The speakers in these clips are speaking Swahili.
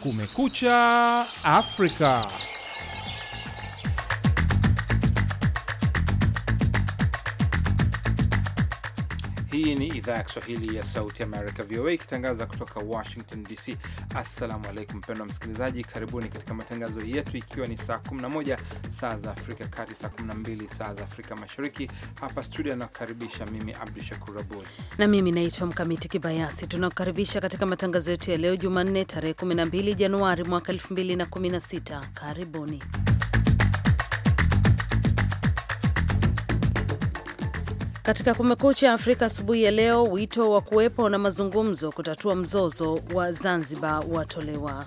Kumekucha Afrika. Hii ni idhaa ya Kiswahili ya Sauti Amerika, VOA, ikitangaza kutoka Washington DC. Assalamu alaikum, mpendwa msikilizaji, karibuni katika matangazo yetu, ikiwa ni saa 11 saa za Afrika Kati, saa 12 saa za Afrika Mashariki. Hapa studio anakukaribisha mimi Abdu Shakur Abud na mimi naitwa Mkamiti Kibayasi. Tunakukaribisha katika matangazo yetu ya leo Jumanne, tarehe 12 Januari mwaka 2016. Karibuni. Katika Kumekucha Afrika asubuhi ya leo, wito wa kuwepo na mazungumzo kutatua mzozo wa Zanzibar watolewa.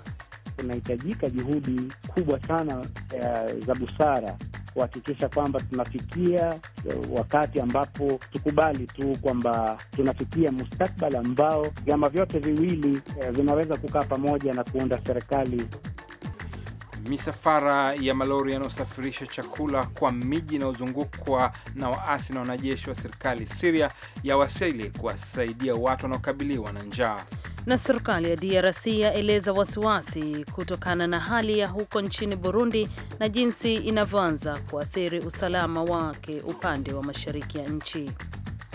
Kunahitajika juhudi kubwa sana uh, za busara kuhakikisha kwamba tunafikia eh, wakati ambapo tukubali tu kwamba tunafikia mustakbali ambao vyama vyote viwili eh, vinaweza kukaa pamoja na kuunda serikali. Misafara ya malori yanayosafirisha chakula kwa miji inayozungukwa na waasi na wanajeshi wa serikali Siria yawasili kuwasaidia watu wanaokabiliwa na njaa. Na serikali ya DRC yaeleza wasiwasi kutokana na hali ya huko nchini Burundi na jinsi inavyoanza kuathiri usalama wake upande wa mashariki ya nchi.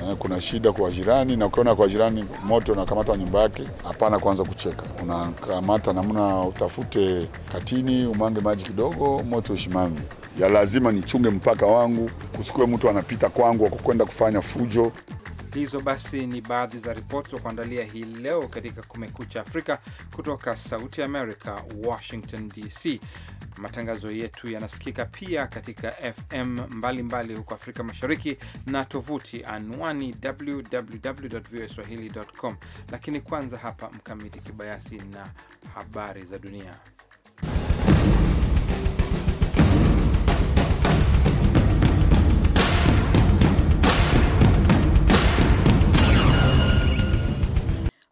Eh, kuna shida kwa jirani, na ukiona kwa jirani moto unakamata nyumba yake, hapana kwanza kucheka, unakamata namna utafute katini, umange maji kidogo, moto ushimami. Ya lazima nichunge mpaka wangu, kusikue mtu anapita kwangu akukwenda kwenda kufanya fujo. Hizo basi ni baadhi za ripoti za kuandalia hii leo katika Kumekucha Afrika kutoka Sauti america Washington DC. Matangazo yetu yanasikika pia katika FM mbalimbali mbali huko Afrika Mashariki na tovuti anwani www www.voaswahili.com. Lakini kwanza hapa Mkamiti Kibayasi na habari za dunia.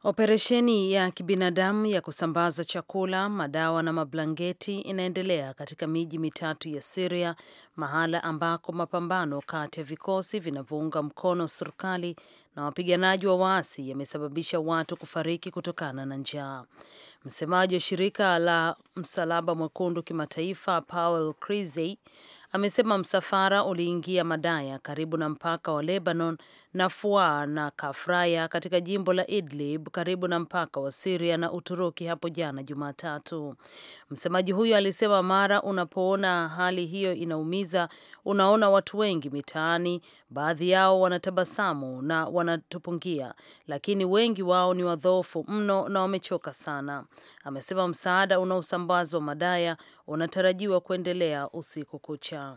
Operesheni ya kibinadamu ya kusambaza chakula, madawa na mablangeti inaendelea katika miji mitatu ya Siria, mahala ambako mapambano kati ya vikosi vinavyounga mkono serikali na wapiganaji wa waasi yamesababisha watu kufariki kutokana na njaa. Msemaji wa shirika la Msalaba Mwekundu kimataifa Paul Crisey amesema msafara uliingia Madaya karibu na mpaka wa Lebanon na Fua na Kafraya katika jimbo la Idlib karibu na mpaka wa Siria na Uturuki hapo jana Jumatatu. Msemaji huyo alisema mara unapoona hali hiyo inaumiza, unaona watu wengi mitaani, baadhi yao wanatabasamu na wanatupungia, lakini wengi wao ni wadhoofu mno na wamechoka sana. Amesema msaada unaosambazwa Madaya unatarajiwa kuendelea usiku kucha.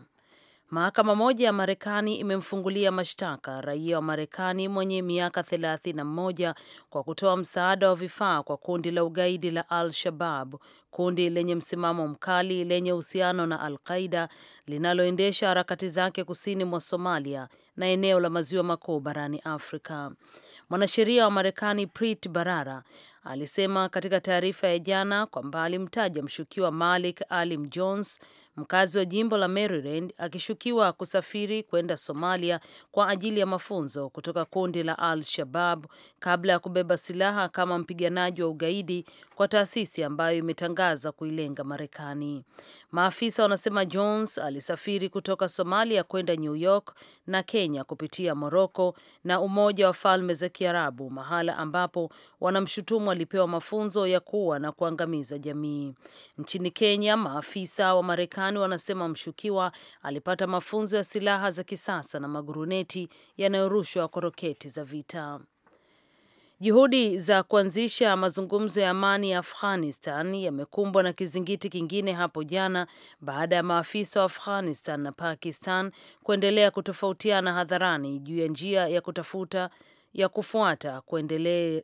Mahakama moja ya Marekani imemfungulia mashtaka raia wa Marekani mwenye miaka 31 kwa kutoa msaada wa vifaa kwa kundi la ugaidi la Al Shabab, kundi lenye msimamo mkali lenye uhusiano na Al Qaida linaloendesha harakati zake kusini mwa Somalia na eneo la maziwa makuu barani Afrika. Mwanasheria wa Marekani Preet Bharara alisema katika taarifa ya jana kwamba alimtaja mshukiwa Malik Alim Jones mkazi wa jimbo la Maryland akishukiwa kusafiri kwenda Somalia kwa ajili ya mafunzo kutoka kundi la Al-Shabab kabla ya kubeba silaha kama mpiganaji wa ugaidi kwa taasisi ambayo imetangaza kuilenga Marekani. Maafisa wanasema Jones alisafiri kutoka Somalia kwenda New York na Kenya kupitia Moroko na Umoja wa Falme za Kiarabu, mahala ambapo wanamshutumu alipewa mafunzo ya kuwa na kuangamiza jamii. Nchini Kenya, maafisa wa Marekani Marekani wanasema mshukiwa alipata mafunzo ya silaha za kisasa na maguruneti yanayorushwa kwa roketi za vita. Juhudi za kuanzisha mazungumzo ya amani ya Afghanistan yamekumbwa na kizingiti kingine hapo jana baada ya maafisa wa Afghanistan na Pakistan kuendelea kutofautiana hadharani juu ya njia ya kutafuta ya kufuata kuendelea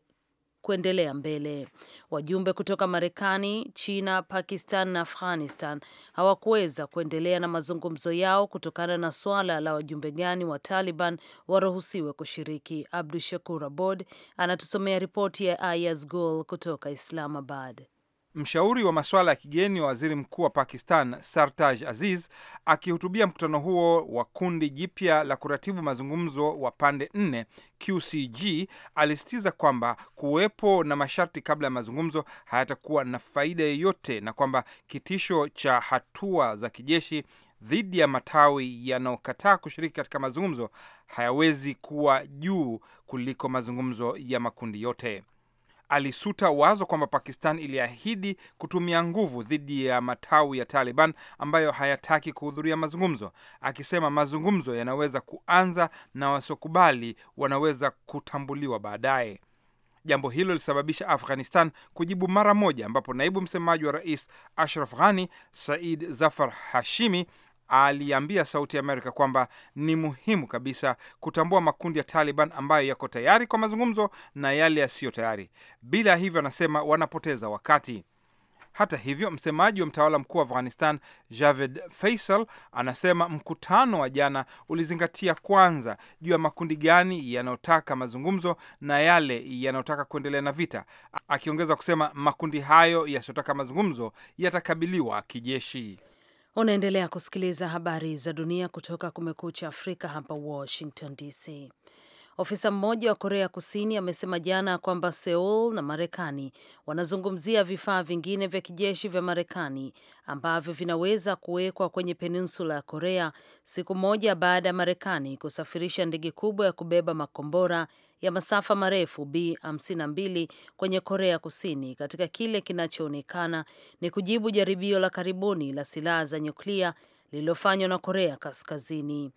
kuendelea mbele. Wajumbe kutoka Marekani, China, Pakistan na Afghanistan hawakuweza kuendelea na mazungumzo yao kutokana na suala la wajumbe gani wa Taliban waruhusiwe kushiriki. Abdu Shakur Abod anatusomea ripoti ya Ayaz Gul kutoka Islamabad. Mshauri wa masuala ya kigeni wa waziri mkuu wa Pakistan Sartaj Aziz akihutubia mkutano huo wa kundi jipya la kuratibu mazungumzo wa pande nne QCG alisisitiza kwamba kuwepo na masharti kabla ya mazungumzo hayatakuwa na faida yoyote na kwamba kitisho cha hatua za kijeshi dhidi ya matawi yanayokataa kushiriki katika mazungumzo hayawezi kuwa juu kuliko mazungumzo ya makundi yote alisuta wazo kwamba Pakistan iliahidi kutumia nguvu dhidi ya matawi ya Taliban ambayo hayataki kuhudhuria mazungumzo, akisema mazungumzo yanaweza kuanza na wasiokubali wanaweza kutambuliwa baadaye. Jambo hilo lilisababisha Afghanistan kujibu mara moja, ambapo naibu msemaji wa rais Ashraf Ghani, Said Zafar Hashimi aliambia Sauti ya Amerika kwamba ni muhimu kabisa kutambua makundi ya Taliban ambayo yako tayari kwa mazungumzo na yale yasiyo tayari. Bila hivyo, anasema wanapoteza wakati. Hata hivyo, msemaji wa mtawala mkuu wa Afghanistan Javed Faisal anasema mkutano wa jana ulizingatia kwanza juu ya makundi gani yanayotaka mazungumzo na yale yanayotaka kuendelea na vita, akiongeza kusema makundi hayo yasiyotaka mazungumzo yatakabiliwa kijeshi. Unaendelea kusikiliza habari za dunia kutoka Kumekucha Afrika hapa Washington DC. Ofisa mmoja wa Korea Kusini amesema jana kwamba seul na Marekani wanazungumzia vifaa vingine vya kijeshi vya Marekani ambavyo vinaweza kuwekwa kwenye peninsula ya Korea, siku moja baada ya Marekani kusafirisha ndege kubwa ya kubeba makombora ya masafa marefu B52 kwenye Korea Kusini katika kile kinachoonekana ni kujibu jaribio la karibuni la silaha za nyuklia lililofanywa na Korea Kaskazini.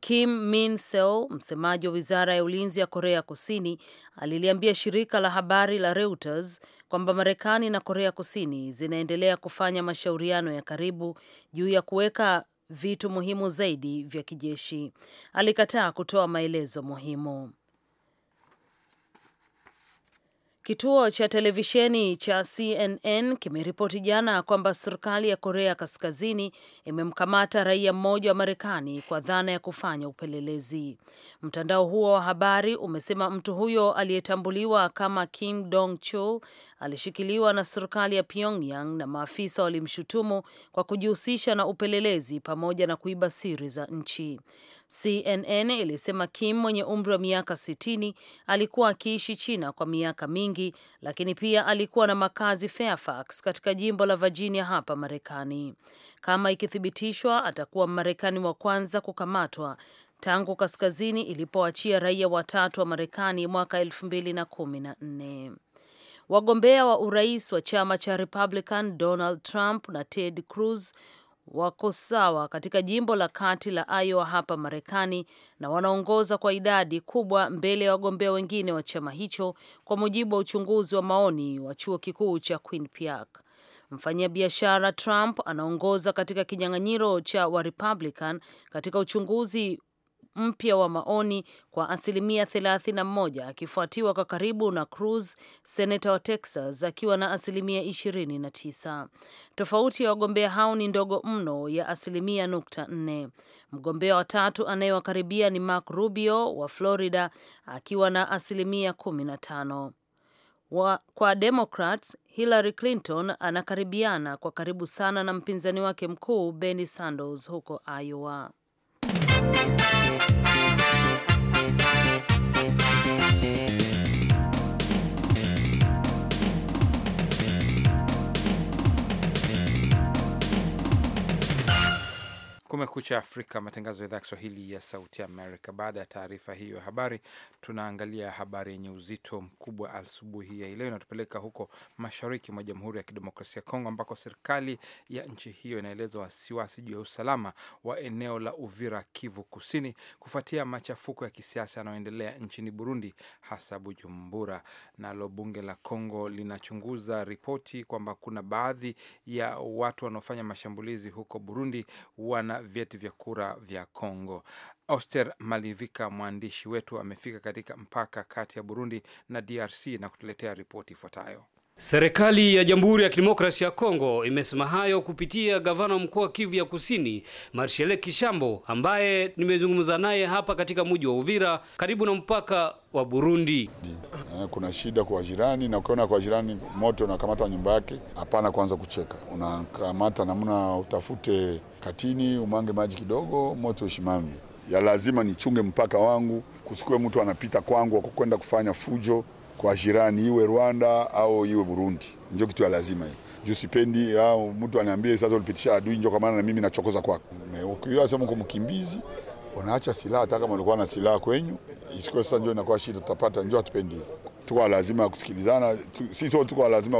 Kim Min Seol, msemaji wa wizara ya ulinzi ya Korea Kusini, aliliambia shirika la habari la Reuters kwamba Marekani na Korea Kusini zinaendelea kufanya mashauriano ya karibu juu ya kuweka vitu muhimu zaidi vya kijeshi. Alikataa kutoa maelezo muhimu. Kituo cha televisheni cha CNN kimeripoti jana kwamba serikali ya Korea Kaskazini imemkamata raia mmoja wa Marekani kwa dhana ya kufanya upelelezi. Mtandao huo wa habari umesema mtu huyo aliyetambuliwa kama Kim Dong Chul alishikiliwa na serikali ya Pyongyang na maafisa walimshutumu kwa kujihusisha na upelelezi pamoja na kuiba siri za nchi. CNN ilisema Kim mwenye umri wa miaka 60 alikuwa akiishi China kwa miaka mingi, lakini pia alikuwa na makazi Fairfax katika jimbo la Virginia hapa Marekani. Kama ikithibitishwa, atakuwa Mmarekani wa kwanza kukamatwa tangu kaskazini ilipoachia raia watatu wa Marekani mwaka 2014. Wagombea wa urais wa chama cha Republican Donald Trump na Ted Cruz wako sawa katika jimbo la kati la Iowa hapa Marekani na wanaongoza kwa idadi kubwa mbele ya wagombea wengine wa chama hicho, kwa mujibu wa uchunguzi wa maoni wa chuo kikuu cha Quinnipiac. Mfanyabiashara Trump anaongoza katika kinyang'anyiro cha Republican katika uchunguzi mpya wa maoni kwa asilimia 31 akifuatiwa kwa karibu na Cruz, senata wa Texas, akiwa na asilimia 29. Tofauti ya wagombea hao ni ndogo mno ya asilimia nukta nne. Mgombea wa tatu anayewakaribia ni Mark Rubio wa Florida akiwa na asilimia 15. Wa, kwa Democrats Hillary Clinton anakaribiana kwa karibu sana na mpinzani wake mkuu Bernie Sanders huko Iowa. Kumekucha Afrika, matangazo ya idhaa ya Kiswahili ya Sauti Amerika. Baada ya taarifa hiyo ya habari, tunaangalia habari yenye uzito mkubwa asubuhi ya leo, inatupeleka huko mashariki mwa Jamhuri ya Kidemokrasia ya Kongo, ambako serikali ya nchi hiyo inaeleza wasiwasi juu ya usalama wa eneo la Uvira, Kivu Kusini, kufuatia machafuko ya kisiasa yanayoendelea nchini Burundi, hasa Bujumbura. Nalo bunge la Kongo linachunguza ripoti kwamba kuna baadhi ya watu wanaofanya mashambulizi huko Burundi wana vyeti vya kura vya Kongo. Oster Malivika, mwandishi wetu, amefika katika mpaka kati ya Burundi na DRC na kutuletea ripoti ifuatayo. Serikali ya Jamhuri ya Kidemokrasia ya Kongo imesema hayo kupitia gavana mkuu wa Kivu ya Kusini, Marshele Kishambo ambaye nimezungumza naye hapa katika mji wa Uvira karibu na mpaka wa Burundi. Eh, kuna shida kwa jirani, na ukiona kwa jirani moto unakamata nyumba yake, hapana kwanza kucheka, unakamata namna utafute katini, umange maji kidogo, moto ushimame. Ya lazima nichunge mpaka wangu, kusikue mtu anapita kwangu kwa kwenda kufanya fujo kwa jirani, iwe Rwanda au iwe Burundi, ndio kitu ya lazima hiyo. Juu sipendi au ah, mtu aniambie sasa ulipitisha adui njoo kwa maana na mimi nachokoza kwako. Ukiwa sema uko mkimbizi, unaacha silaha, hata kama ulikuwa na silaha kwenyu, isikuwe sasa ndio inakuwa shida, tutapata ndio hatupendi tuko lazima ya kusikilizana, si sote tuko lazima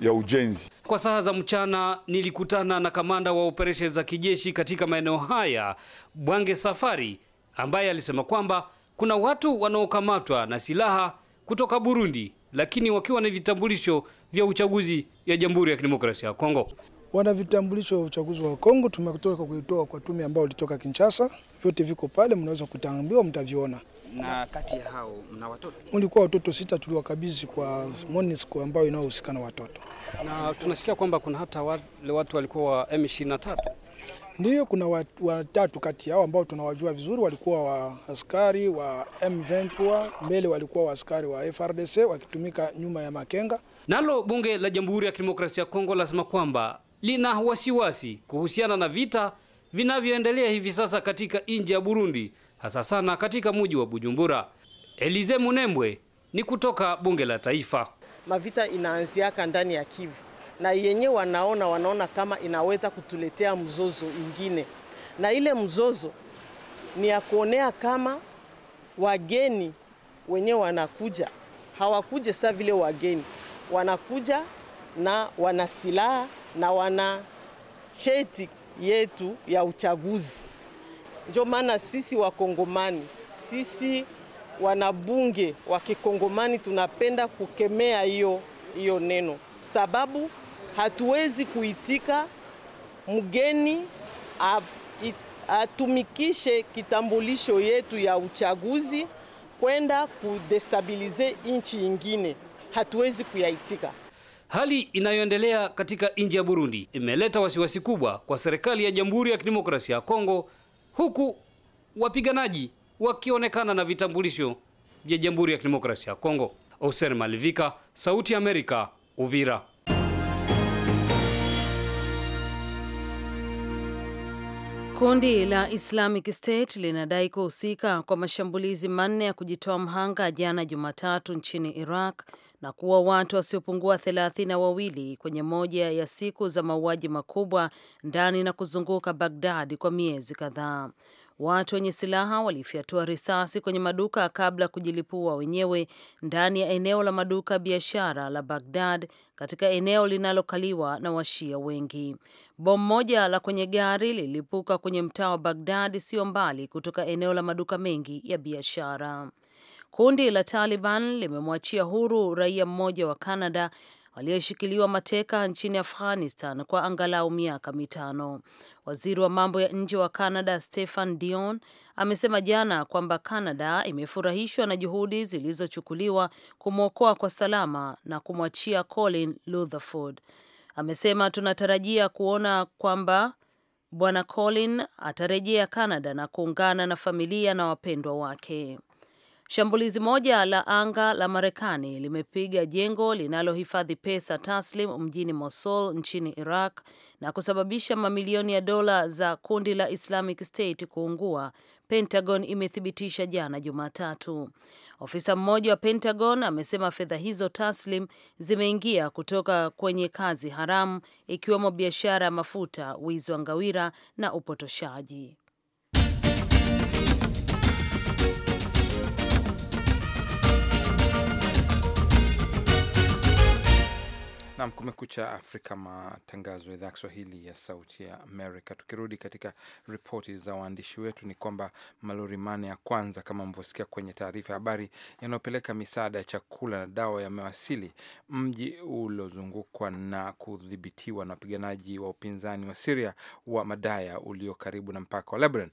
ya ujenzi. Kwa saa za mchana nilikutana na kamanda wa operesheni za kijeshi katika maeneo haya Bwange Safari, ambaye alisema kwamba kuna watu wanaokamatwa na silaha kutoka Burundi, lakini wakiwa na vitambulisho vya uchaguzi ya Jamhuri ya Kidemokrasia ya Kongo. Wana vitambulisho vya uchaguzi wa Kongo, tumetoka kuitoa kwa tume ambayo ulitoka Kinshasa. Vyote viko pale, mnaweza kutambiwa, mtaviona. Na kati ya hao mna watoto? Mlikuwa watoto sita, tuliwakabidhi kwa MONUSCO ambayo inayohusika na watoto. Na tunasikia kwamba kuna hata wale watu walikuwa wa M23 Ndiyo, kuna watatu kati yao ambao tunawajua vizuri, walikuwa wa askari wa M23, mbele walikuwa wa askari wa FRDC wakitumika nyuma ya Makenga. Nalo bunge la Jamhuri ya Kidemokrasia ya Kongo lasema kwamba lina wasiwasi kuhusiana na vita vinavyoendelea hivi sasa katika nchi ya Burundi, hasa sana katika mji wa Bujumbura. Elize Munembwe ni kutoka bunge la taifa. Mavita inaanziaka ndani ya Kivu na yenye wanaona wanaona kama inaweza kutuletea mzozo ingine, na ile mzozo ni ya kuonea kama wageni wenye wanakuja hawakuja sa vile wageni, wanakuja na wana silaha na wana cheti yetu ya uchaguzi. Ndio maana sisi Wakongomani, sisi wanabunge wa Kikongomani tunapenda kukemea hiyo hiyo neno sababu hatuwezi kuitika mgeni atumikishe kitambulisho yetu ya uchaguzi kwenda kudestabilize nchi nyingine, hatuwezi kuyaitika. Hali inayoendelea katika nchi ya Burundi imeleta wasiwasi kubwa kwa serikali ya Jamhuri ya Kidemokrasia ya Kongo, huku wapiganaji wakionekana na vitambulisho vya Jamhuri ya Kidemokrasia ya Kongo. Oser Malivika, Sauti ya Amerika, Uvira. Kundi la Islamic State linadai kuhusika kwa mashambulizi manne ya kujitoa mhanga jana Jumatatu nchini Iraq na kuwa watu wasiopungua thelathini na wawili kwenye moja ya siku za mauaji makubwa ndani na kuzunguka Bagdad kwa miezi kadhaa. Watu wenye silaha walifyatua risasi kwenye maduka kabla ya kujilipua wenyewe ndani ya eneo la maduka biashara la bagdad katika eneo linalokaliwa na Washia wengi. Bomu moja la kwenye gari lilipuka kwenye mtaa wa Bagdad sio mbali kutoka eneo la maduka mengi ya biashara. Kundi la Taliban limemwachia huru raia mmoja wa Kanada walioshikiliwa mateka nchini Afghanistan kwa angalau miaka mitano. Waziri wa mambo ya nje wa Canada stehan Dion amesema jana kwamba Canada imefurahishwa na juhudi zilizochukuliwa kumwokoa kwa salama na kumwachia Colin lutherford Amesema tunatarajia kuona kwamba Bwana Colin atarejea Canada na kuungana na familia na wapendwa wake. Shambulizi moja la anga la Marekani limepiga jengo linalohifadhi pesa taslim mjini Mosul nchini Iraq na kusababisha mamilioni ya dola za kundi la Islamic State kuungua. Pentagon imethibitisha jana Jumatatu. Ofisa mmoja wa Pentagon amesema fedha hizo taslim zimeingia kutoka kwenye kazi haramu ikiwemo biashara ya mafuta, wizi wa ngawira na upotoshaji. Nam kumekucha Afrika, matangazo ya idhaa Kiswahili ya sauti ya Amerika. Tukirudi katika ripoti za waandishi wetu, ni kwamba malori mane ya kwanza kama mlivyosikia kwenye taarifa ya habari, yanayopeleka misaada ya chakula na dawa yamewasili mji uliozungukwa na kudhibitiwa na wapiganaji wa upinzani wa Siria wa Madaya ulio karibu na mpaka wa Lebanon.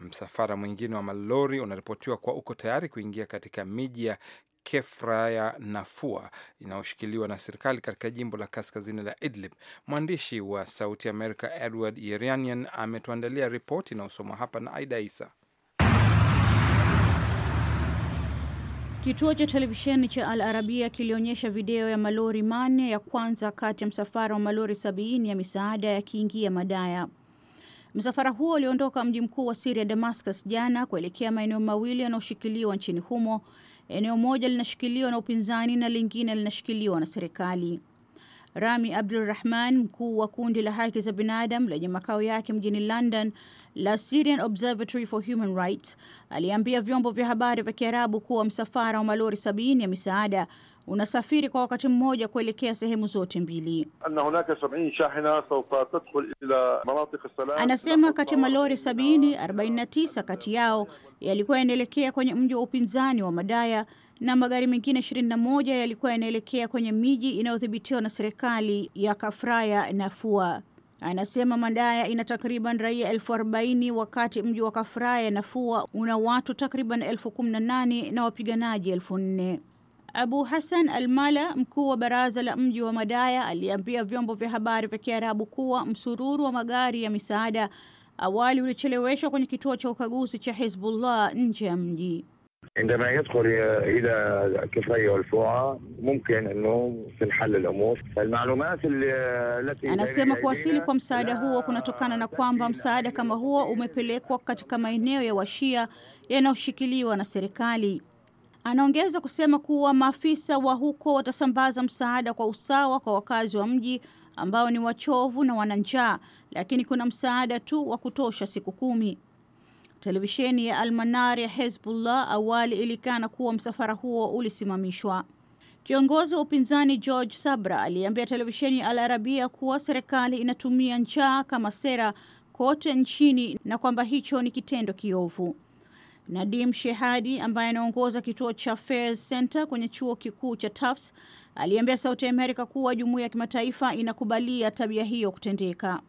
Msafara mwingine wa malori unaripotiwa kuwa uko tayari kuingia katika miji ya Kefra ya Nafua inayoshikiliwa na serikali katika jimbo la kaskazini la Idlib. Mwandishi wa Sauti America Edward Yeranian ametuandalia ripoti inayosomwa hapa na Aida Isa. Kituo cha televisheni cha Al Arabia kilionyesha video ya malori manne ya kwanza kati ya msafara wa malori sabini ya misaada yakiingia Madaya. Msafara huo uliondoka mji mkuu wa Siria, Damascus, jana kuelekea maeneo mawili yanayoshikiliwa nchini humo Eneo moja linashikiliwa na upinzani na lingine linashikiliwa na serikali. Rami abdurahman mkuu wa kundi la haki za binadamu lenye makao yake mjini London la Syrian Observatory for Human Rights, aliambia vyombo vya habari vya Kiarabu kuwa msafara wa malori sabini ya misaada unasafiri kwa wakati mmoja kuelekea sehemu zote mbili. Anasema kati ya malori sabini, 49 kati yao yalikuwa yanaelekea kwenye mji wa upinzani wa Madaya na magari mengine 21 yalikuwa yanaelekea kwenye miji inayodhibitiwa na serikali ya Kafraya na Fua. Anasema madaya ina takriban raia elfu arobaini wakati mji wa Kafraya na Fua una watu takriban elfu kumi na nane na wapiganaji elfu nne. Abu Hassan Almala, mkuu wa baraza la mji wa Madaya, aliambia vyombo vya habari vya Kiarabu kuwa msururu wa magari ya misaada awali ulicheleweshwa kwenye kituo cha ukaguzi cha Hizbullah nje ya mji. عندما يدخل الى anasema kuwasili kwa msaada huo kunatokana na kwamba msaada kama huo umepelekwa katika maeneo ya washia yanayoshikiliwa na serikali Anaongeza kusema kuwa maafisa wa huko watasambaza msaada kwa usawa kwa wakazi wa mji ambao ni wachovu na wana njaa, lakini kuna msaada tu wa kutosha siku kumi. Televisheni ya Almanar ya Hezbollah awali ilikana kuwa msafara huo ulisimamishwa. Kiongozi wa upinzani George Sabra aliambia televisheni ya Al Arabia kuwa serikali inatumia njaa kama sera kote nchini na kwamba hicho ni kitendo kiovu. Nadim Shehadi ambaye anaongoza kituo cha Fairs Center kwenye chuo kikuu cha Tufts aliambia Sauti ya Amerika kuwa jumuiya ya kimataifa inakubalia tabia hiyo kutendeka.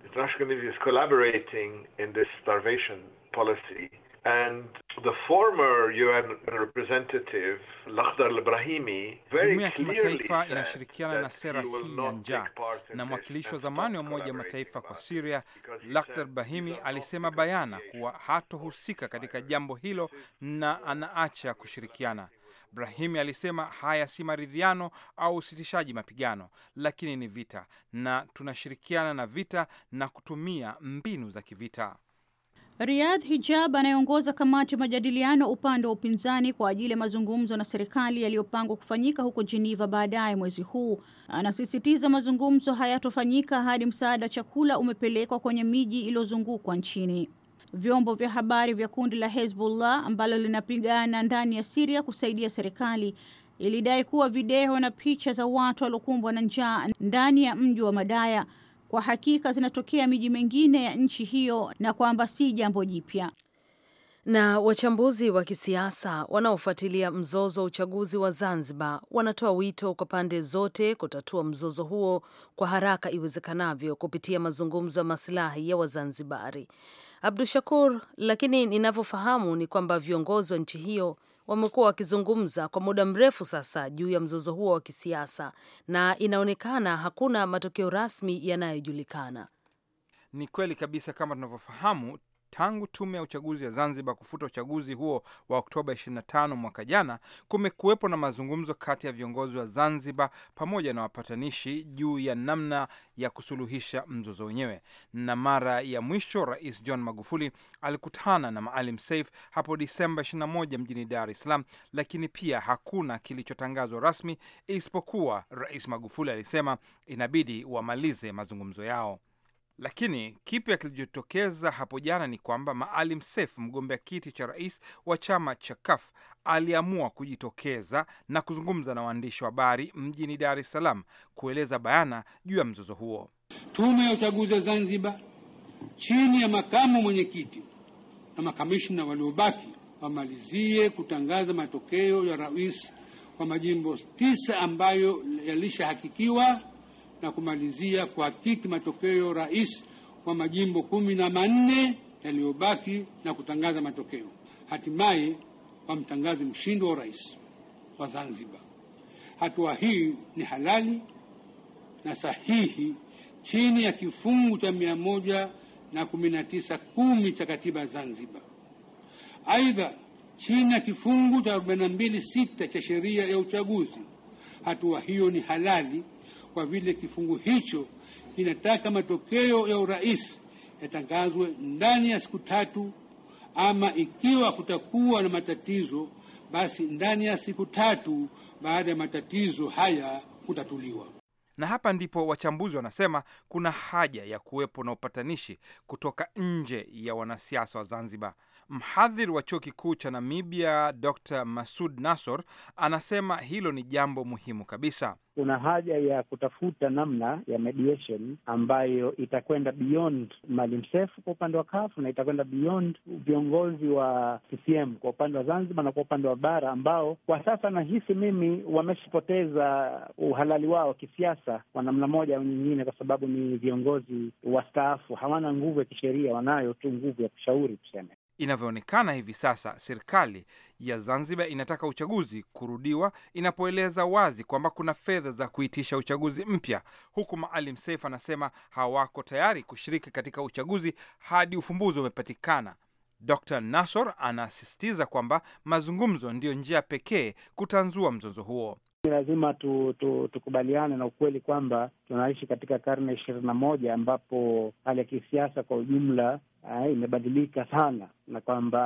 And the former UN representative, Lakhdar Ibrahimi, very Jumuiya ya kimataifa inashirikiana na sera hii ya njaa, na mwakilishi wa zamani wa Umoja wa Mataifa kwa siria Lakhdar Brahimi alisema bayana kuwa hatohusika katika jambo hilo na anaacha kushirikiana. Brahimi alisema haya si maridhiano au usitishaji mapigano, lakini ni vita, na tunashirikiana na vita na kutumia mbinu za kivita. Riyadh Hijab anayeongoza kamati ya majadiliano upande wa upinzani kwa ajili ya mazungumzo na serikali yaliyopangwa kufanyika huko Geneva baadaye mwezi huu anasisitiza mazungumzo hayatofanyika hadi msaada wa chakula umepelekwa kwenye miji iliyozungukwa nchini. Vyombo vya habari vya kundi la Hezbollah ambalo linapigana ndani ya Siria kusaidia serikali ilidai kuwa video na picha za watu waliokumbwa na njaa ndani ya mji wa Madaya kwa hakika zinatokea miji mingine ya nchi hiyo na kwamba si jambo jipya. Na wachambuzi wa kisiasa wanaofuatilia mzozo wa uchaguzi wa Zanzibar wanatoa wito kwa pande zote kutatua mzozo huo kwa haraka iwezekanavyo kupitia mazungumzo ya masilahi ya Wazanzibari. Abdu Shakur, lakini ninavyofahamu ni kwamba viongozi wa nchi hiyo wamekuwa wakizungumza kwa muda mrefu sasa juu ya mzozo huo wa kisiasa, na inaonekana hakuna matokeo rasmi yanayojulikana. Ni kweli kabisa, kama tunavyofahamu Tangu tume ya uchaguzi ya Zanzibar kufuta uchaguzi huo wa Oktoba 25 mwaka jana, kumekuwepo na mazungumzo kati ya viongozi wa Zanzibar pamoja na wapatanishi juu ya namna ya kusuluhisha mzozo wenyewe, na mara ya mwisho Rais John Magufuli alikutana na Maalim Seif hapo Disemba 21 mjini Dar es Salaam, lakini pia hakuna kilichotangazwa rasmi, isipokuwa Rais Magufuli alisema inabidi wamalize mazungumzo yao. Lakini kipya kilichotokeza hapo jana ni kwamba Maalim Seif, mgombea kiti cha rais wa chama cha KAF, aliamua kujitokeza na kuzungumza na waandishi wa habari mjini Dar es Salaam kueleza bayana juu ya mzozo huo. Tume ya uchaguzi wa Zanzibar chini ya makamu mwenyekiti na makamishna waliobaki wamalizie kutangaza matokeo ya rais kwa majimbo tisa ambayo yalishahakikiwa na kumalizia kuhakiki matokeo rais wa majimbo kumi na manne yaliyobaki na kutangaza matokeo. Hatimaye wamtangaze mshindi wa urais wa Zanzibar. Hatua hii ni halali na sahihi chini ya kifungu cha mia moja na kumi na tisa kumi cha katiba ya Zanzibar. Aidha, chini ya kifungu cha 42 sita cha sheria ya uchaguzi, hatua hiyo ni halali kwa vile kifungu hicho kinataka matokeo ya urais yatangazwe ndani ya siku tatu, ama ikiwa kutakuwa na matatizo, basi ndani ya siku tatu baada ya matatizo haya kutatuliwa. Na hapa ndipo wachambuzi wanasema kuna haja ya kuwepo na upatanishi kutoka nje ya wanasiasa wa Zanzibar. Mhadhiri wa chuo kikuu cha Namibia Dr Masud Nassor anasema hilo ni jambo muhimu kabisa. Kuna haja ya kutafuta namna ya mediation ambayo itakwenda beyond Maalim Seif kwa upande wa kafu na itakwenda beyond viongozi wa CCM kwa upande wa Zanzibar na kwa upande wa bara, ambao kwa sasa nahisi mimi wameshapoteza uhalali wao kisiasa kwa namna moja au nyingine, kwa sababu ni viongozi wastaafu, hawana nguvu ya kisheria, wanayo tu nguvu ya kushauri tuseme. Inavyoonekana hivi sasa, serikali ya Zanzibar inataka uchaguzi kurudiwa inapoeleza wazi kwamba kuna fedha za kuitisha uchaguzi mpya, huku Maalim Seif anasema hawako tayari kushiriki katika uchaguzi hadi ufumbuzi umepatikana. Dr Nasor anasisitiza kwamba mazungumzo ndiyo njia pekee kutanzua mzozo huo. Ni lazima tu, tu, tukubaliane na ukweli kwamba tunaishi katika karne ishirini na moja ambapo hali ya kisiasa kwa ujumla uh, imebadilika sana, na kwamba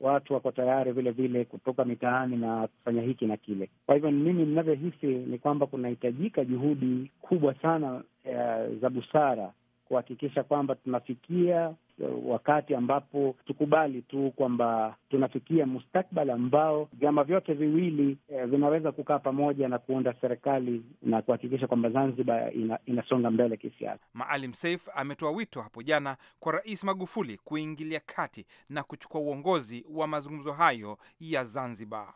watu wako tayari vile vile kutoka mitaani na kufanya hiki na kile. Kwa hivyo mimi ninavyohisi ni kwamba kunahitajika juhudi kubwa sana uh, za busara kuhakikisha kwamba tunafikia uh, wakati ambapo tukubali tu kwamba tunafikia mustakbali ambao vyama vyote viwili eh, vinaweza kukaa pamoja na kuunda serikali na kuhakikisha kwamba Zanzibar ina, inasonga mbele kisiasa. Maalim Seif ametoa wito hapo jana kwa Rais Magufuli kuingilia kati na kuchukua uongozi wa mazungumzo hayo ya Zanzibar.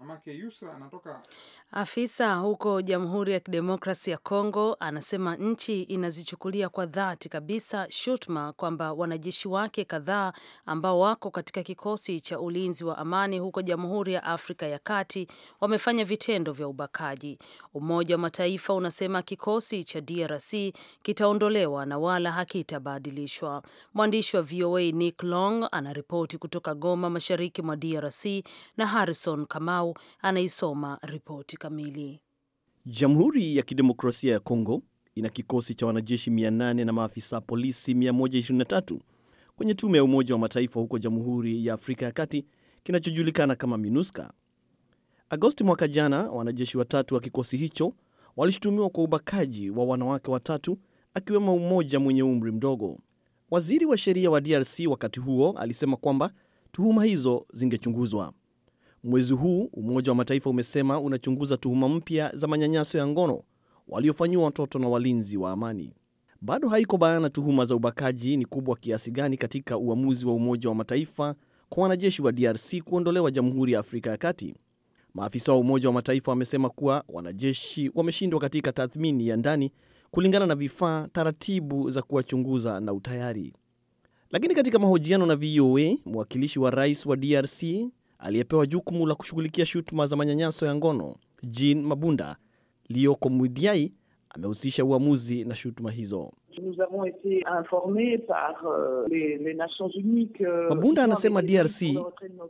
Mamake Yusra anatoka afisa huko Jamhuri ya Kidemokrasi ya Kongo anasema nchi inazichukulia kwa dhati kabisa shutuma kwamba wanajeshi wake kadhaa ambao wako katika kikosi cha ulinzi wa amani huko Jamhuri ya Afrika ya Kati wamefanya vitendo vya ubakaji. Umoja wa Mataifa unasema kikosi cha DRC kitaondolewa na wala hakitabadilishwa. Mwandishi wa VOA Nick Long anaripoti kutoka Goma, mashariki mwa DRC na Harrison Kamau Kamau anaisoma ripoti kamili. Jamhuri ya Kidemokrasia ya Kongo ina kikosi cha wanajeshi 800 na maafisa polisi 123 kwenye tume ya Umoja wa Mataifa huko Jamhuri ya Afrika ya Kati kinachojulikana kama MINUSCA. Agosti mwaka jana, wanajeshi watatu wa kikosi hicho walishutumiwa kwa ubakaji wa wanawake watatu, akiwemo mmoja mwenye umri mdogo. Waziri wa sheria wa DRC wakati huo alisema kwamba tuhuma hizo zingechunguzwa. Mwezi huu Umoja wa Mataifa umesema unachunguza tuhuma mpya za manyanyaso ya ngono waliofanyiwa watoto na walinzi wa amani. Bado haiko bayana tuhuma za ubakaji ni kubwa kiasi gani katika uamuzi wa Umoja wa Mataifa kwa wanajeshi wa DRC kuondolewa Jamhuri ya Afrika ya Kati. Maafisa wa Umoja wa Mataifa wamesema kuwa wanajeshi wameshindwa katika tathmini ya ndani kulingana na vifaa, taratibu za kuwachunguza na utayari. Lakini katika mahojiano na VOA, mwakilishi wa rais wa DRC aliyepewa jukumu la kushughulikia shutuma za manyanyaso ya ngono Jean Mabunda Lioko mwidiai amehusisha uamuzi na shutuma hizo. Euh, Mabunda anasema DRC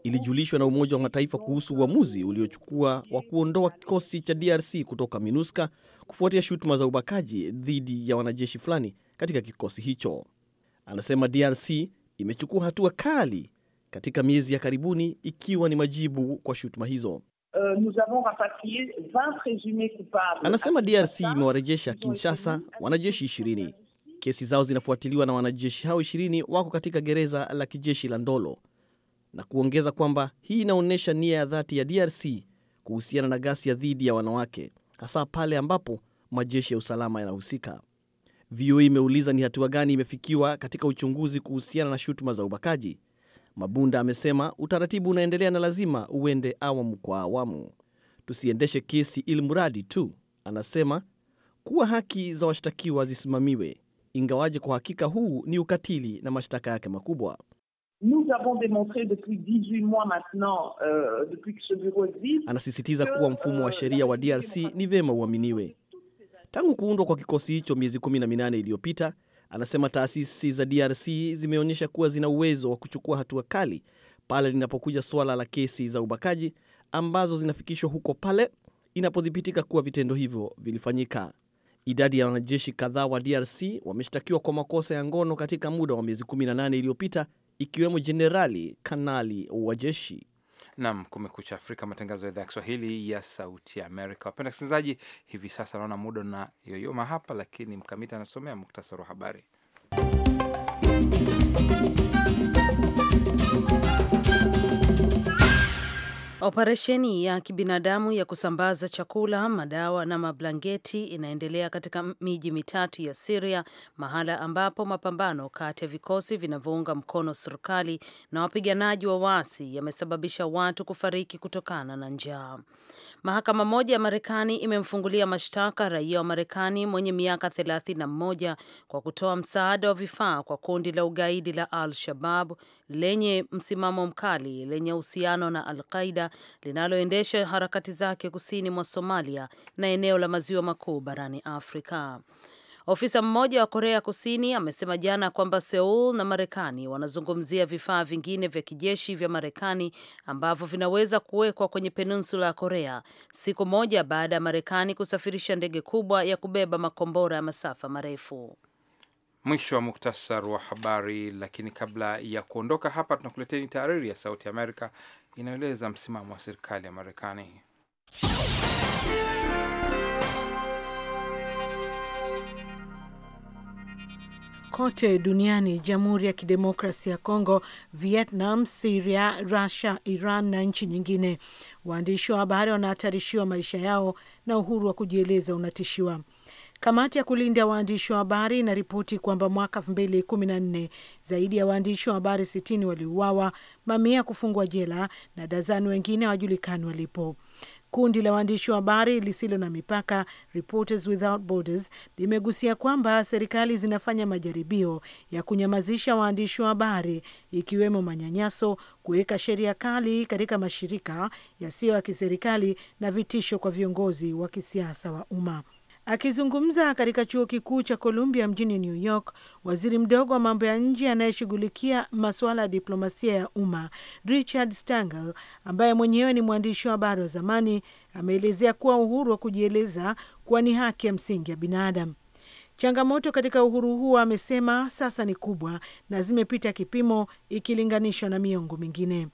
ilijulishwa na Umoja wa Mataifa kuhusu uamuzi uliochukua wa kuondoa kikosi cha DRC kutoka MINUSCA kufuatia shutuma za ubakaji dhidi ya wanajeshi fulani katika kikosi hicho. Anasema DRC imechukua hatua kali katika miezi ya karibuni ikiwa ni majibu kwa shutuma hizo. Euh, Anasema DRC imewarejesha Kinshasa wanajeshi ishirini. Kesi zao zinafuatiliwa na wanajeshi hao ishirini wako katika gereza la kijeshi la Ndolo, na kuongeza kwamba hii inaonyesha nia ya dhati ya DRC kuhusiana na ghasia dhidi ya wanawake, hasa pale ambapo majeshi ya usalama yanahusika. VOA e imeuliza ni hatua gani imefikiwa katika uchunguzi kuhusiana na shutuma za ubakaji Mabunda amesema utaratibu unaendelea na lazima uende awamu kwa awamu. Tusiendeshe kesi ili mradi tu, anasema, kuwa haki za washtakiwa zisimamiwe, ingawaje kwa hakika huu ni ukatili na mashtaka yake makubwa. Nous avons depuis 18 mois maintenant, uh, depuis que ce bureau existe, anasisitiza kuwa mfumo wa euh, sheria wa DRC ni vema uaminiwe. Tangu kuundwa kwa kikosi hicho miezi 18 iliyopita, Anasema taasisi za DRC zimeonyesha kuwa zina uwezo wa kuchukua hatua kali pale linapokuja suala la kesi za ubakaji ambazo zinafikishwa huko pale inapothibitika kuwa vitendo hivyo vilifanyika. Idadi ya wanajeshi kadhaa wa DRC wameshtakiwa kwa makosa ya ngono katika muda wa miezi 18 iliyopita, ikiwemo jenerali kanali wa jeshi Nam Kumekucha Afrika, matangazo ya idhaa ya Kiswahili ya Sauti ya Amerika. Wapenda wasikilizaji, hivi sasa naona muda na yoyoma hapa, lakini Mkamiti anasomea muktasari wa habari. Operesheni ya kibinadamu ya kusambaza chakula, madawa na mablangeti inaendelea katika miji mitatu ya Siria, mahala ambapo mapambano kati ya vikosi vinavyounga mkono serikali na wapiganaji wa waasi yamesababisha watu kufariki kutokana na njaa. Mahakama moja ya Marekani imemfungulia mashtaka raia wa Marekani mwenye miaka mmoja kwa kutoa msaada wa vifaa kwa kundi la ugaidi la Al Shabab lenye msimamo mkali lenye uhusiano na Alqaida linaloendesha harakati zake kusini mwa Somalia na eneo la maziwa makuu barani Afrika. Ofisa mmoja wa Korea Kusini amesema jana kwamba Seoul na Marekani wanazungumzia vifaa vingine vya kijeshi vya Marekani ambavyo vinaweza kuwekwa kwenye peninsula ya Korea, siku moja baada ya Marekani kusafirisha ndege kubwa ya kubeba makombora ya masafa marefu. Mwisho wa muktasar wa habari. Lakini kabla ya kuondoka hapa, tunakuleteni tahariri ya Sauti Amerika inaeleza msimamo wa serikali ya Marekani. Kote duniani, Jamhuri ya Kidemokrasi ya Kongo, Vietnam, Siria, Rusia, Iran na nchi nyingine, waandishi wa habari wanahatarishiwa maisha yao na uhuru wa kujieleza unatishiwa. Kamati ya kulinda waandishi wa habari inaripoti kwamba mwaka 2014 zaidi ya waandishi wa habari 60 waliuawa, mamia kufungwa jela na dazani wengine hawajulikani walipo. Kundi la waandishi wa habari lisilo na mipaka, Reporters Without Borders, limegusia kwamba serikali zinafanya majaribio ya kunyamazisha waandishi wa habari, ikiwemo manyanyaso, kuweka sheria kali katika mashirika yasiyo ya kiserikali na vitisho kwa viongozi wa kisiasa wa umma. Akizungumza katika chuo kikuu cha Columbia mjini New York, waziri mdogo wa mambo ya nje anayeshughulikia masuala ya diplomasia ya umma Richard Stangl, ambaye mwenyewe ni mwandishi wa habari wa zamani, ameelezea kuwa uhuru wa kujieleza kuwa ni haki ya msingi ya binadamu. Changamoto katika uhuru huo, amesema, sasa ni kubwa na zimepita kipimo ikilinganishwa na miongo mingine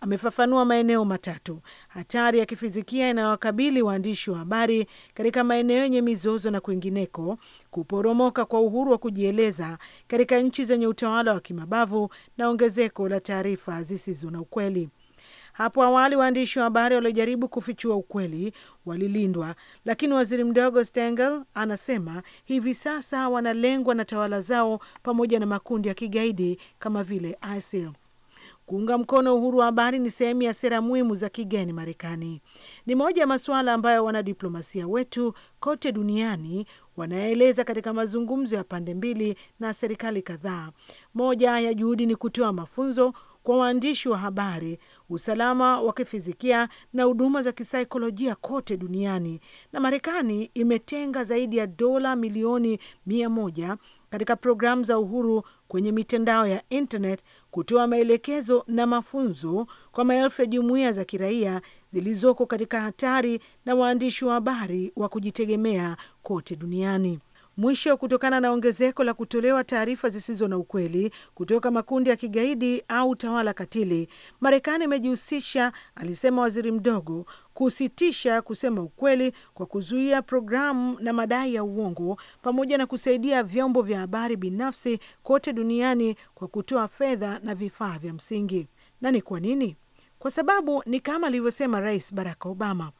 amefafanua maeneo matatu hatari ya kifizikia inayowakabili waandishi wa habari katika maeneo yenye mizozo na kwingineko, kuporomoka kwa uhuru wa kujieleza katika nchi zenye utawala wa kimabavu na ongezeko la taarifa zisizo na ukweli. Hapo awali waandishi wa habari waliojaribu kufichua ukweli walilindwa, lakini waziri mdogo Stengel anasema hivi sasa wanalengwa na tawala zao pamoja na makundi ya kigaidi kama vile ISIL. Kuunga mkono uhuru wa habari ni sehemu ya sera muhimu za kigeni Marekani. Ni moja ya masuala ambayo wanadiplomasia wetu kote duniani wanaeleza katika mazungumzo ya pande mbili na serikali kadhaa. Moja ya juhudi ni kutoa mafunzo kwa waandishi wa habari, usalama wa kifizikia na huduma za kisaikolojia kote duniani. Na Marekani imetenga zaidi ya dola milioni mia moja katika programu za uhuru kwenye mitandao ya internet kutoa maelekezo na mafunzo kwa maelfu ya jumuiya za kiraia zilizoko katika hatari na waandishi wa habari wa kujitegemea kote duniani. Mwisho, kutokana na ongezeko la kutolewa taarifa zisizo na ukweli kutoka makundi ya kigaidi au tawala katili, Marekani imejihusisha, alisema waziri mdogo, kusitisha kusema ukweli kwa kuzuia programu na madai ya uongo pamoja na kusaidia vyombo vya habari binafsi kote duniani kwa kutoa fedha na vifaa vya msingi. Na ni kwa nini? Kwa sababu ni kama alivyosema Rais Barack Obama,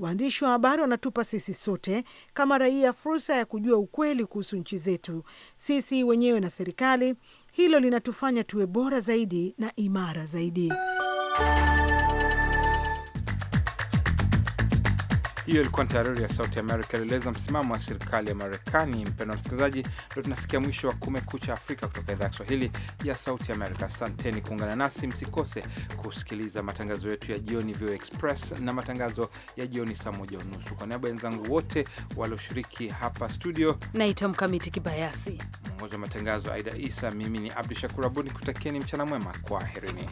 Waandishi wa habari wanatupa sisi sote kama raia fursa ya kujua ukweli kuhusu nchi zetu, sisi wenyewe na serikali. Hilo linatufanya tuwe bora zaidi na imara zaidi. Hiyo ilikuwa ni tahariri ya Sauti Amerika ilieleza msimamo wa serikali ya Marekani. Mpendwa msikilizaji, ndio tunafikia mwisho wa Kumekucha Afrika kutoka idhaa ya Kiswahili ya Sauti Amerika. Asanteni kuungana nasi, msikose kusikiliza matangazo yetu ya jioni VOA Express na matangazo ya jioni saa moja unusu. Kwa niaba ya wenzangu wote walioshiriki hapa studio, naitwa Mkamiti Kibayasi, mwongozi wa matangazo Aida Isa, mimi ni Abdu Shakur Abud kutakieni mchana mwema, kwa herini.